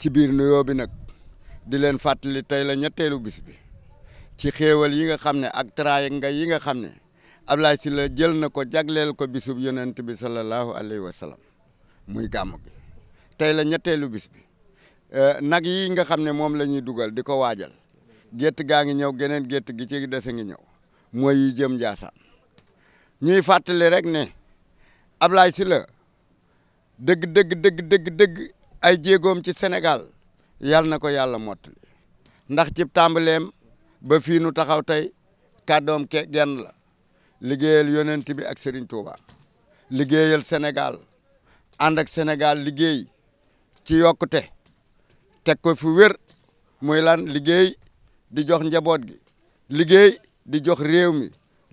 ci biir nuyoo bi nag di leen fàttali tey la ñetteelu bis ci xéewal yi nga xam ne ak nga yi nga xam ne Ablaye la jël na ko jagleel ko bisub yonent bi sallallahu alayhi wa sallam muy gàmm gi tey la ñetteelu bis bi euh, nag yi nga xam ne moom la ñuy dugal di ko waajal gétt gaa ngi ñëw geneen gétt gi ci dese ngi ñëw mooy yi jëm Njaasaan ñuy fàttali rek ne Ablaye Sylla dëgg dëgg dëgg dëgg ay jéegoom ci senegal yal na ko yàlla mottali ndax cib tàmbaleem ba fii nu taxaw tey kàddoom ke genn la liggéeyal yonent bi ak Serigne Touba liggéeyal senegal ànd ak Sénégal liggéey ci yokkute teg ko fu wér muy lan liggéey di jox njaboot gi liggéey di jox réew mi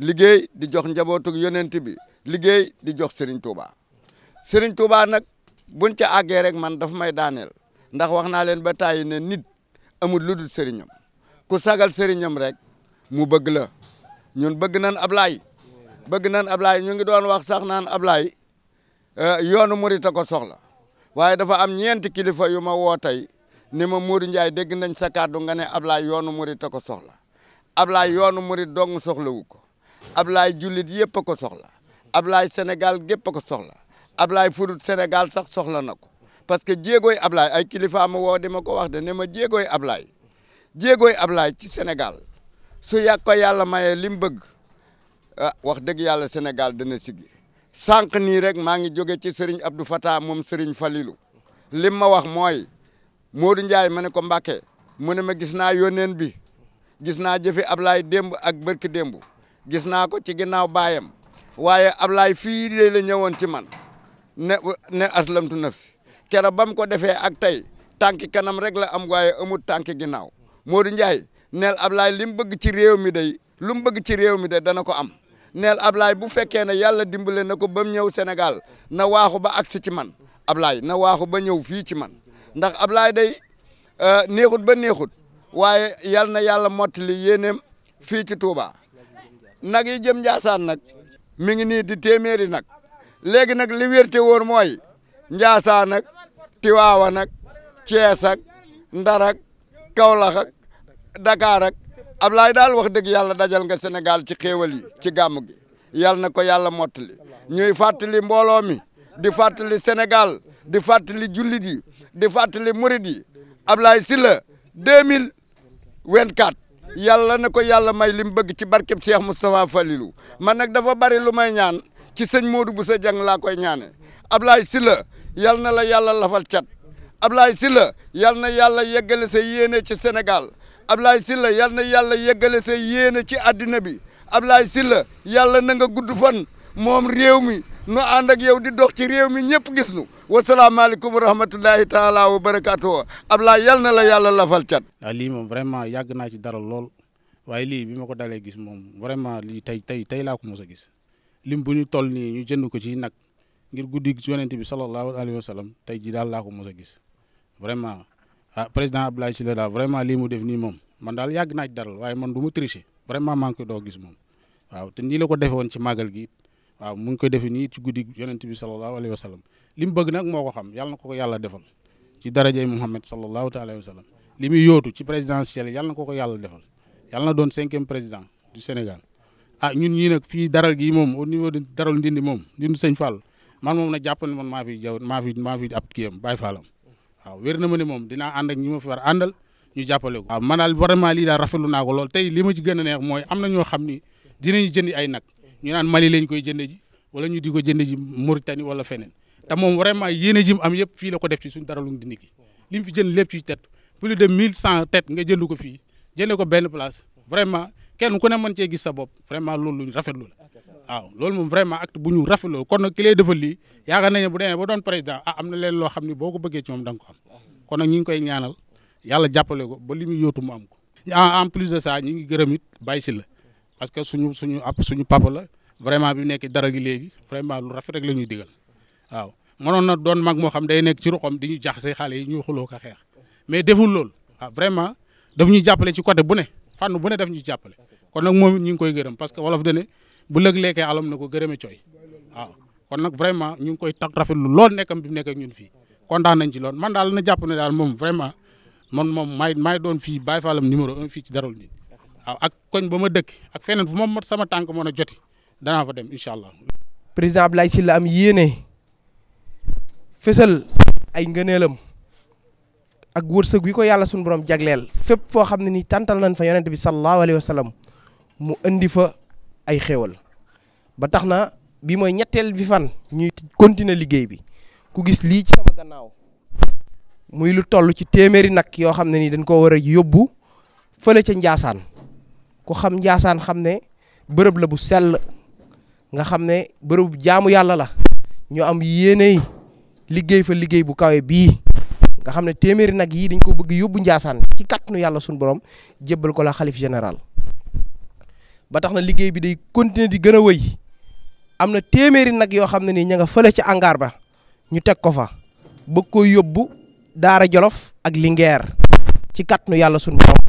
liggéey di jox njabootuk yonent bi liggéey di jox Serigne tuuba Serigne Touba nag. buñ ca àggee rek man daf may daaneel ndax wax naa leen ba tàyyi ne nit amul lu dul sëriñam ku sagal sëriñam rek mu bëgg la ñun bëgg nan Ablaye bëgg nan Ablaye ñu ngi doon wax sax naan Ablaye eh, yoonu murit a ko soxla waaye dafa am ñeenti kilifa yu ma woo tey ni ma Modou Ndiaye dégg nañ sa kàddu nga ne Ablaye yoonu murit a ko soxla Ablaye yoonu murit dong soxlawu ko Ablaye jullit yëpp ko soxla Ablaye senegal gépp a ko soxla ablaay Fodut Sénégal sax soxla na ko parce que jéegooy Ablaye ay kilifa ma woo di ma ko wax de ne ma jéegooy ablaay jéegooy Ablaye ci senegal su yàgg ko yàlla mayee li mu bëgg ah, wax dëgg yàlla Sénégal dana siggi sànq nii rek maa ngi jóge ci Serigne Abdou Fatah moom Serigne Falilou lim ma wax mooy Modou Ndiaye ma ne ko Mbàkke mu ne ma gis naa yónneen bi gis naa jëfe Ablaye demb ak bërki démb gis naa ko ci ginnaaw baayam waaye Ablaye fii de la ñëwoon ci man ne ne aslamtu nafsi kera ba mu ko defee ak tey tànki kanam rek la am waaye amul tànki ginnaaw Modou Ndiaye neel Ablaye li bëgg ci réew mi day lu bëgg ci réew mi day dana ko am neel ablaay bu fekkee ne yàlla dimbale na ko ba ñëw senegal na waaxu ba agsi ci man Ablaye na waaxu ba ñëw fii ci man ndax Ablaye day euh, neexut ba neexut waaye yal na yàlla mottali yéeneem fii ci Touba nag yi jëm Njaasaan nag mi ngi nii di téeméeri nag léegi nag li wérte woon mooy Njaasaan ak Tiwaawan ak Cees ak Ndar ak Kawlax ak Dakar ak daal wax dëgg yàlla dajal nga senegal ci xéewal yi ci gàmm gi yàlla na ko yàlla mottali ñuy fàttali mbooloo mi di fàttali Sénégal di fàttali jullit yi di fàttali murit yi Ablaay Sylla 2024 yàlla na ko yàlla may li mu bëgg ci barkeb Cheikh Moustapha Falilou man nag dafa bari lu may ñaan ci sëñ bu sa Dieng laa koy ñaane Ablaye Sylla yal na la yàlla lafal cat Ablaye Sylla yal na yàlla yeggale sa yéene ci Sénégal Ablaye Sylla yal na yàlla yeggale sa yéene ci àddina bi Ablaye Sylla yàlla na nga gudd fan moom réew mi nu ànd ak yow di dox ci réew mi ñëpp gis nu wasalaamaaleykum wa rahmatullahi taala wa barakaatu Ablaye yal na la yàlla lafal cat. waaw ah, lii moom vraiment yàgg naa ci dara lool waaye lii bi ma ko dalee gis moom vraiment lii tey tey tey laa ko mos a gis. lim bu ñu toll nii ñu jënd ko ci nag ngir guddi yonent bi sallallahu alayhi wa sallam tey jii daal laa ko mos gis vraiment ah président Abdoulaye Sylla daal vraiment lii mu def nii moom man daal yàgg naa ci waaye man du ma tricher vraiment maa doo gis moom waaw te nii la ko defee ci màggal gi waaw mu ngi koy defee nii ci guddi yonent bi sallallahu alayhi wa sallam li mu bëgg nag moo ko xam yàlla na ko ko yàlla defal ci darajay Muhammad sallallahu alayhi wa sallam li muy yootu ci présidentielle yàlla na ko ko yàlla defal yàlla na doon cinquième président du Sénégal ah ñun ñii nag fii daral gi moom au niveau de daral ndindi moom ndindi sëñ Fall man moom nag jàpp ne man maa fi jaw kiyam Baye Fallam waaw wér na ma ne moom dinaa ànd ak ñi ma fi war àndal ñu jàppale ko. waaw man ma ci ñu koy jënde ji wala ñu di ko jënd ji Mauritanie wala feneen te moom vraiment yéene ji am yëpp fii la ko def ci suñu daralu ndindi gi li mu fi jënd lépp ci tet plus de 1100 tet nga jënd ko fii jënde ko benn place vraiment kenn ku ne mën cee gis sa bopp vraiment loolu luñ rafetlu la waaw loolu moom vraiment acte bu ñu rafetlu kon nag ki lay defal lii yaakaar nañu bu demee ba doon ah, am na leen loo xam ne boo ko bëggee ci moom da nga ko am kon nag ñu ngi koy ñaanal yàlla jàppale ko ba li mu am ko en plus de ça ñu ngi gërëm it bàyyi si la parce que suñu suñu ab suñu papa la vraiment bi nekk dara gi léegi vraiment lu rafet rek la ñuy digal waaw mënoon na doon mag moo xam day nekk ci ruxam di ñu jaxase xale yi ñuy xuloo ko xeex mais deful loolu ah vraiment ñu jàppale ci côté ne fànn bu ne ñu jàppale kon nag moom it ñu ngi koy gërëm parce que wolof dane bu lëg lekkee alam na ko gërëme cooy waaw kon nag vraiment ñu ngi koy tax rafetlu lool nekkam bi mu nekk ak ñun fii kontaan nañ ci lool man daal na jàpp ne daal moom vraiment man moom maay maay doon fii Baye Fallam numéro un fii ci Darou Ndine waaw ak koñ ba ma dëkk ak feneen fu moom mat sama tànk mën a joti danaa fa dem incha allah. président Abdoulaye Sylla yéene fësal ay ngëneelam ak wërsëg wi ko yàlla suñu borom jagleel fépp foo xam ne nii tàntal nañ fa yonent bi sallallahu alayhi wa sallam mu indi fa ay xéwal ba tax na bi mooy ñetteel bi fan ñuy continuer liggéey bi ku gis lii ci sama gannaaw muy lu toll ci téeméeri nag yoo xam ne ni dañ koo war a yóbbu fële ca Njaasaan ku xam Njaasaan xam ne bërëb la bu sell nga xam ne bërëb jaamu yàlla la ñu am yéeney liggéey fa liggéey bu kawe bii nga xam ne téeméeri nag yi dañ ko bëgg yóbbu Njaasaan ci kàttanu yàlla suñu borom jébbal ko la xalif général ba tax na liggéey bi day continuer di gën a wëy am na téeméeri nag yoo xam ne nii ña nga fële ci angaar ba ñu teg ko fa bëgg ko yóbbu daara jolof ak lingeer ci kàttanu yàlla sunu borom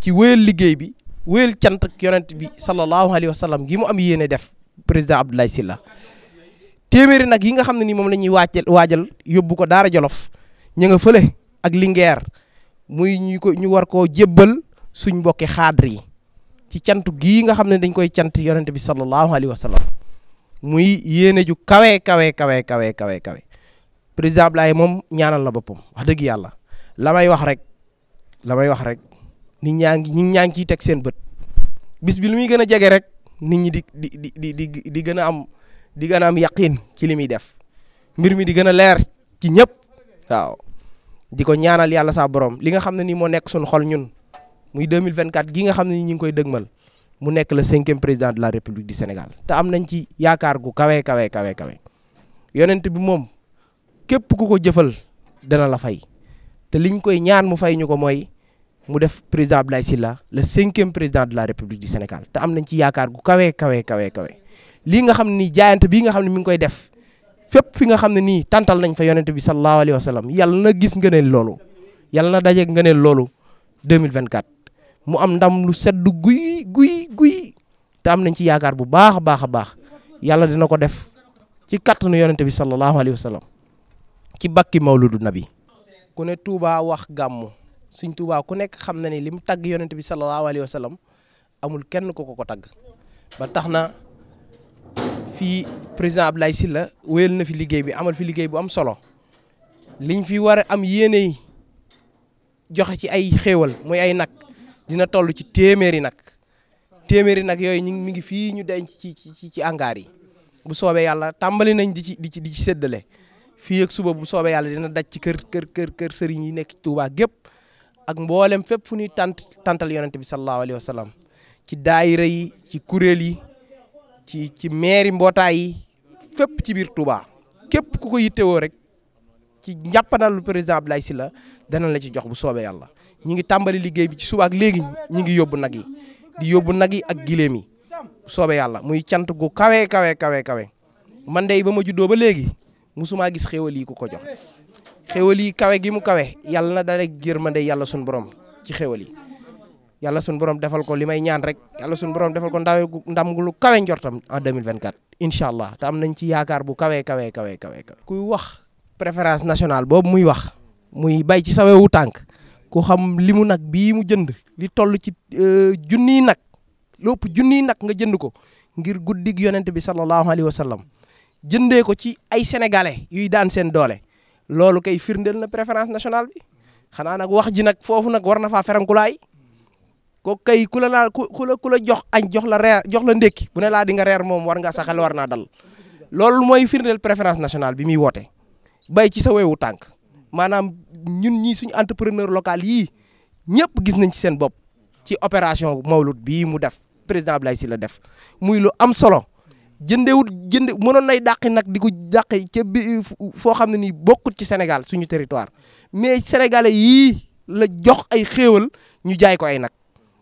ci wéyal liggéey bi wéyal cant ak yonent bi sallallahu alayhi wa sallam gi mu am yéene def président Abdoulaye Sylla téeméeri nag yi nga xam ne nii moom la ñuy waajal waajal yóbbu ko daara jolof ña nga fële ak lingeer muy ñu ko ñu war koo jébbal suñ mbokki xaadar yi ci cant gii nga xam ne dañ koy cant yonente bi sallallahu alayhi wa sallam muy yéene ju kawe kawe kawe kawe kawe kawe président Ablaye moom ñaanal na boppam wax dëgg yàlla la may wax rek la may wax rek nit ñaa ngi nit ñaa ngi ciy teg seen bët bis bi lu muy gën a jege rek nit ñi di di di di di gën a am di gën a am yaqiin ci li muy def mbir mi di gën a leer ci ñëpp waaw di ko ñaanal yàlla saa borom li nga xam ne nii moo nekk suñu xol ñun muy 2024 gi nga xam ne ñu ngi koy dëgmal mu nekk la cinquième président de la république du Sénégal te am nañ ci yaakaar gu kawe kawe kawe kawe yonent bi moom képp ku ko jëfal dana la fay te liñ koy ñaan mu fay ñu ko mooy mu def président Abdoulaye Sylla le cinquième président de la république du Sénégal te am nañ ci yaakaar gu kawe kawe kawe kawe lii nga xam ne nii jaayante bii nga xam ne mi ngi koy def fépp fi nga xam ne nii tantal nañ fa yonent bi sallallahu alayhi wa sallam yàlla na gis nga ne loolu yàlla na daje nga ne loolu 2024. mu am ndam lu sedd guy guy guy te am nañ ci yaakaar bu baax a baax a baax yàlla dina ko def ci kattanu yonente bi sallallahu alayhi wa sallam ci bakki mawludu nabi ku ne Touba wax gàmmu suñ Touba ku nekk xam na ni li mu tagg yonente bi sallallahu alayhi wa sallam amul kenn ko ko ko tagg ba tax na fii président Abdoulaye Sylla wéyal na fi liggéey bi amal fi liggéey bu am solo liñ fi war a am yéene yi joxe ci ay xéewal muy ay nag dina toll ci téeméeri nag téeméeri nag yooyu ñu mi ngi fii ñu denc ci ci ci angaar yi bu soobee yàlla tàmbali nañ di ci di ci di séddale fii ak suba bu soobee yàlla dina daj ci kër kër kër kër sëriñ yi nekk Tuubaa gépp ak mboolem fépp fu ñuy tant tantal bi sallallahu alayhi wa ci daayira ci kuréel yi ci ci meeri mbootaay yi fépp ci biir Tuubaa képp ku ko yittewoo rek. ci njàppanalu président Abdoulaye ay danañ la ci jox bu soobee yàlla ñi ngi tàmbali liggéey bi ci suba ak léegi ñi ngi yóbbu nag yi di yóbbu nag yi ak giléem yi bu soobee yàlla muy cant gu kawe kawe kawe kawe man de ba ma juddoo ba léegi musumaa gis xéwal yi ku ko jox xéwal yi kawe gi mu kawe yàlla na dara yërmande yàlla suñu borom ci xéwal yi yàlla suñu borom defal ko li may ñaan rek yàlla suñu borom defal ko ndaw ndam lu kawe njortam en 2024 incha allah te am nañ ci yaakaar bu kawe kawe kawe kawe. kuy wax. préférence nationale boobu muy wax muy bay ci sawewu tànk ku xam li mu nag bii mu jënd li toll ci euh, junniy nag lépp junniy nag nga jënd ko ngir guddig yonent bi sallallahu alayhi wa sallam jëndee ko ci ay sénégalais yuy daan seen doole loolu kay firndeel na préférence nationale bi xanaa nag wax ji nag foofu nag war na faa ferankulaay ko kay ku la naa ku ku la ku la jox añ jox la reer jox la ndékki bu ne laa di nga reer moom war nga saxal war naa dal loolu mooy firndeel préférence nationale bi muy woote. bay ci sa wewu tànk maanaam ñun ñii suñu entrepreneur local yii ñëpp gis nañ ci seen bopp ci opération Mawlud bii mu def président si la def muy lu am solo jëndewut jënde mënoon nay dàqi nag di ko dàqi ca foo xam ne nii bokkut ci Sénégal suñu territoire mais sénégalais yii la jox ay xéewal ñu jaay ko ay nag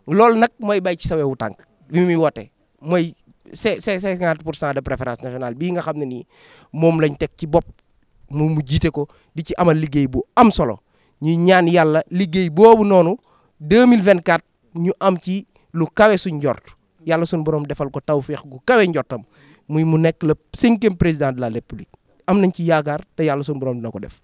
loolu nag mooy bay ci sa wewu tànk bi muy woote mooy c'est c'est cinquante pour cent de préférence nationale bii nga xam ne nii moom lañ teg ci bopp mu mu jiite ko di ci amal liggéey bu am solo ñuy ñaan yàlla liggéey boobu noonu 2024 ñu am ci lu kawe suñ jort yàlla suñ borom defal ko tawféex gu kawe njortam muy mu nekk le cinquième président de la république am nañ ci yaakaar te yàlla suñ borom dina ko def.